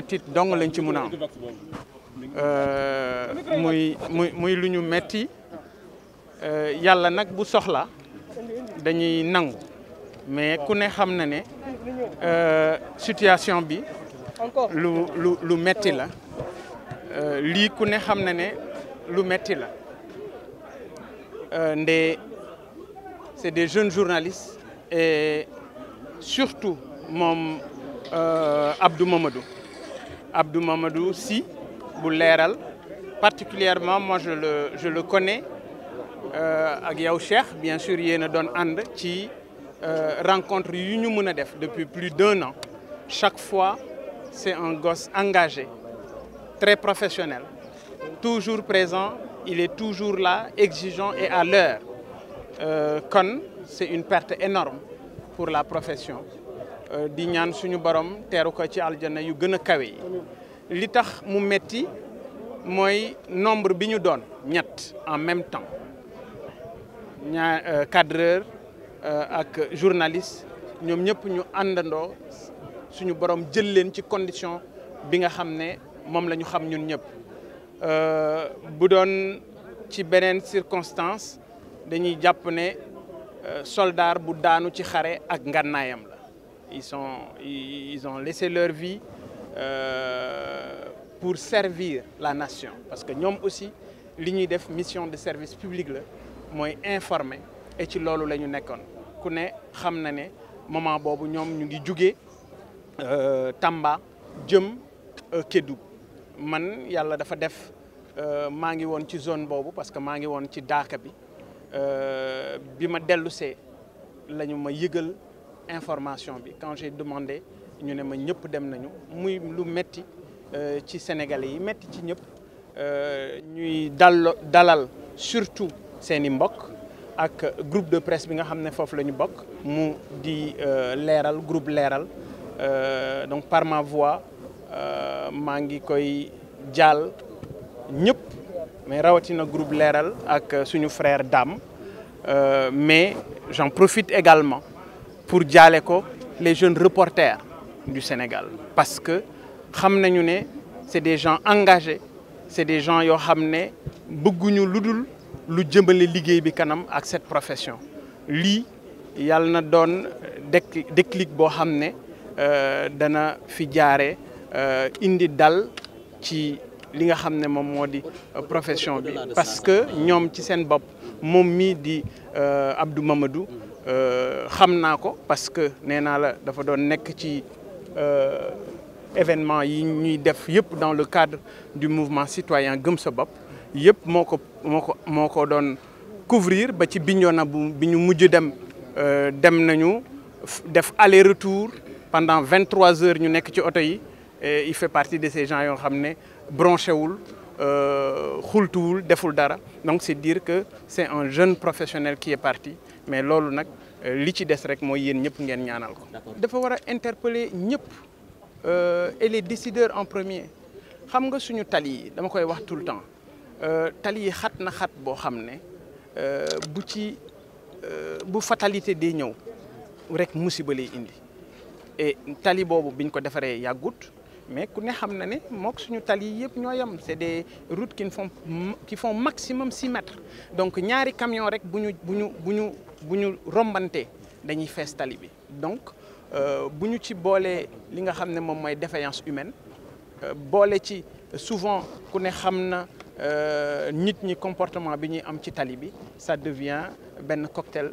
mettit dong lañ ci mun a euh, muy muy muy lu ñu metti euh, yàlla nag bu soxla dañuy nangu mais ku ne xam na euh situation bi lu lu lu metti la euh li ku ne xam na ne lu metti la euh nde c'est des jeunes journalistes et surtout mom euh Abdou Mamadou Abdou Mamadou Si, Particulièrement, moi je le, connais, euh, avec bien sûr, il Ande, qui rencontre rencontre Mounadef depuis plus d'un an. Chaque fois, c'est un gosse engagé, très professionnel, toujours présent, il est toujours là, exigeant et à l'heure. Euh, c'est une perte énorme pour la profession. Euh, di ñaan suñu borom teeru ko ci aljana yu gën a kawe yi li tax mu metti mooy nombre bi ñu doon ñett en même temps ñaa euh, cadreur euh, ak journaliste ñoom ñëpp ñu àndandoo suñu borom jël leen ci condition bi nga xam ne moom lañu xam ñun ñëpp bu doon ci beneen circonstance dañuy jàpp ne soldat bu daanu ci xare ak ngànnaayam Ils, ont laissé leur vie euh, pour servir la nation. Parce que nous aussi, l'union mission de service public qui informé et ci lolu lañu nous ku ne xam na moment ñu ngi euh, Tamba jëm euh, Kedou, man yalla dafa def Nous ngi won ci zone parce que ma ngi won ci daaka bi Nous bima information bi quand j'ai demandé ñu ne ma ñëpp dem nañu muy lu metti euh, ci sénégalais yi metti ci ñëpp euh, ñuy dalal surtout seen i mbokk ak groupe de presse bi nga xam ne foofu la ñu bokk mu di euh, groupe Léral. donc par ma voix maa ngi koy jaal ñëpp mais rawatina groupe Léral ak suñu frère Dame mais j'en profite également pour Dialeko, les jeunes reporters du Sénégal parce que c'est des gens engagés c'est des gens yoo xam beaucoup de lu lu jëmbale liggéey bi kanam ak cette profession li yalla na doon déclic déclic boo xam euh, dana fi jaare euh, indi dal ci li nga xamné mom modi euh, profession bi parce que ñom ci sen bop mom mi di Abdou Mamadou je euh, parce que nous avons la dafa euh, événement yi ñuy def dans le cadre du mouvement citoyen gëm sa bop yépp moko moko moko ko couvrir ba ci fait biñu euh, dem nañu aller retour pendant 23 heures ñu nek ci auto il fait partie de ces gens qui ont ne bronché wul xultuwul deful dara donc c'est dire que c'est un jeune professionnel qui est parti mais loolu nak euh, li ci dess rek moy yeen ñep ngeen ñaanal ko. dafa wara interpeller ñep euh et les décideurs en premier xam nga suñu tali dama koy wax tout le temps euh tali xat na xat bo xamne euh bu ci euh, bu fatalité de ñew rek musiba lay indi et tali bobu biñ ko defaree yàggut mais ku ne xam na ne mook suñu tali yëpp ñoo yem c'est des routes qui font qui font maximum 6 mètres donc ñaari camion rek bu ñu bu ñu bu ñu bu ñu rombante dañuy fees tali bi donc euh, bu ñu ci boolee li nga xam ne moom mooy défaillance humaine euh, boole ci souvent ku ne xam na euh, nit ñi comportement bi ñuy am ci tali bi ça devient benn cocktail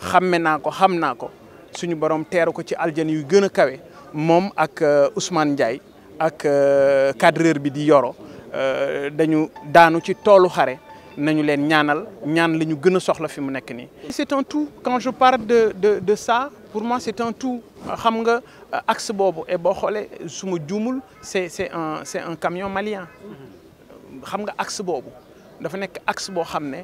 xamme nako ko xam naa ko suñu borom teeru ko ci aljana yu gën kawé mom ak euh, Ousmane Ndiaye ak euh, cadreur bi di Yoro euh, dañu daanu ci tolu xaré nañu leen ñaanal ñaan li ñu soxla fi mu nekk ni c'est un tout quand je parle de de de ça pour moi c'est un tout xam nga axe bobu et bo xolé suma djumul c'est c'est un c'est un camion malien xam nga axe bobu dafa nekk axe bo xamné ne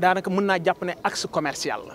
daanaka mën naa axe commercial la.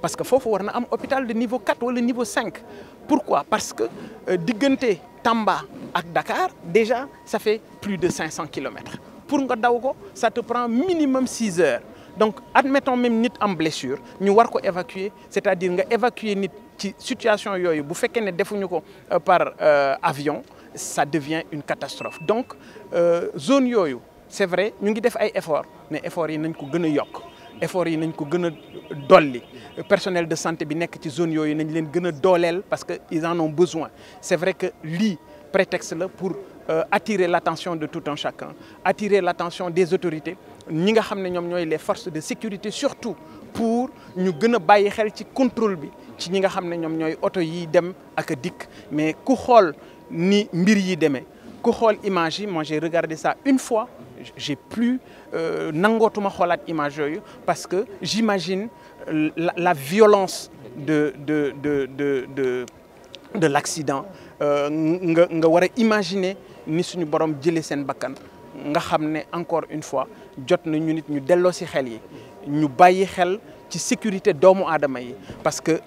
parce que faut war un hôpital de niveau 4 ou de niveau 5 pourquoi parce que euh, diggante Tamba ak Dakar déjà ça fait plus de 500 km. pour nga ça te prend minimum 6 heures donc admettons même nit en blessure nous war évacuer c'est-à-dire évacuer nit situation yoyo, bu faites defuñu ko euh, par euh, avion ça devient une catastrophe donc zone yoyo, c'est vrai nous ngi def des efforts mais efforts yi nañ ko gëna effort yi nañ ko gëna a dolli personnel de santé bi nek ci zone yoyu nañ leen gëna dolel parce que ils en ont besoin c'est vrai que li prétexte là pour euh, attirer l'attention de tout un chacun attirer l'attention des autorités ñi nga xamné ñom ñoy les forces de sécurité surtout pour ñu gëna bayyi xel ci contrôle bi ci ñi nga xamné ñom ñoy auto yi dem ak dik mais ku xol ni mbir yi demee ku xool image moi j'ai regardé ça une fois j'ai plus euh, nangootuma xoolaat image parce que j'imagine euh, la, la violence de de de de de de l'accident euh, nga nga imaginer ni suñu borom jëlé sen bakkan nga xamné encore une fois jot na ñu nit ñu delloo ci xel yi ñu bayyi xel ci sécurité doomu aadama yi parce que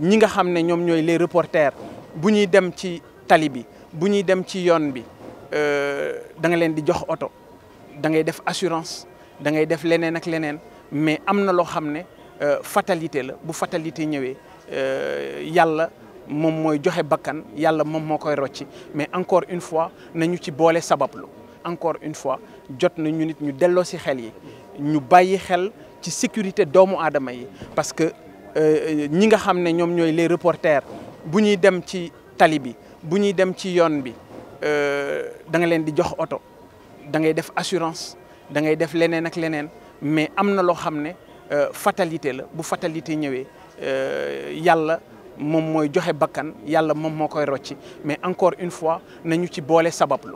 ñi nga xamné ñom ñoy les reporters bu ñuy dem ci tali bi buñuy dem ci yoon bi euh, da nga def assurance da def ak leneen mais am lo xamné euh, fatalité la bu fatalité euh, mais encore une fois nañu ci lu encore une fois jot na ñu nit ñu ci xel yi ñu sécurité doomu parce que ñi nga les reporters dem ci tali bi buñuy dem ci yoon bi euh, da nga leen di jox auto da ngay def assurance da ngay def lenen ak lenen mais amna lo loo euh, fatalité la bu fatalité ñëwee euh, yàlla yalla mooy joxe bakkan bakan yalla moo koy rocci mais encore une fois nañu ci sabab lu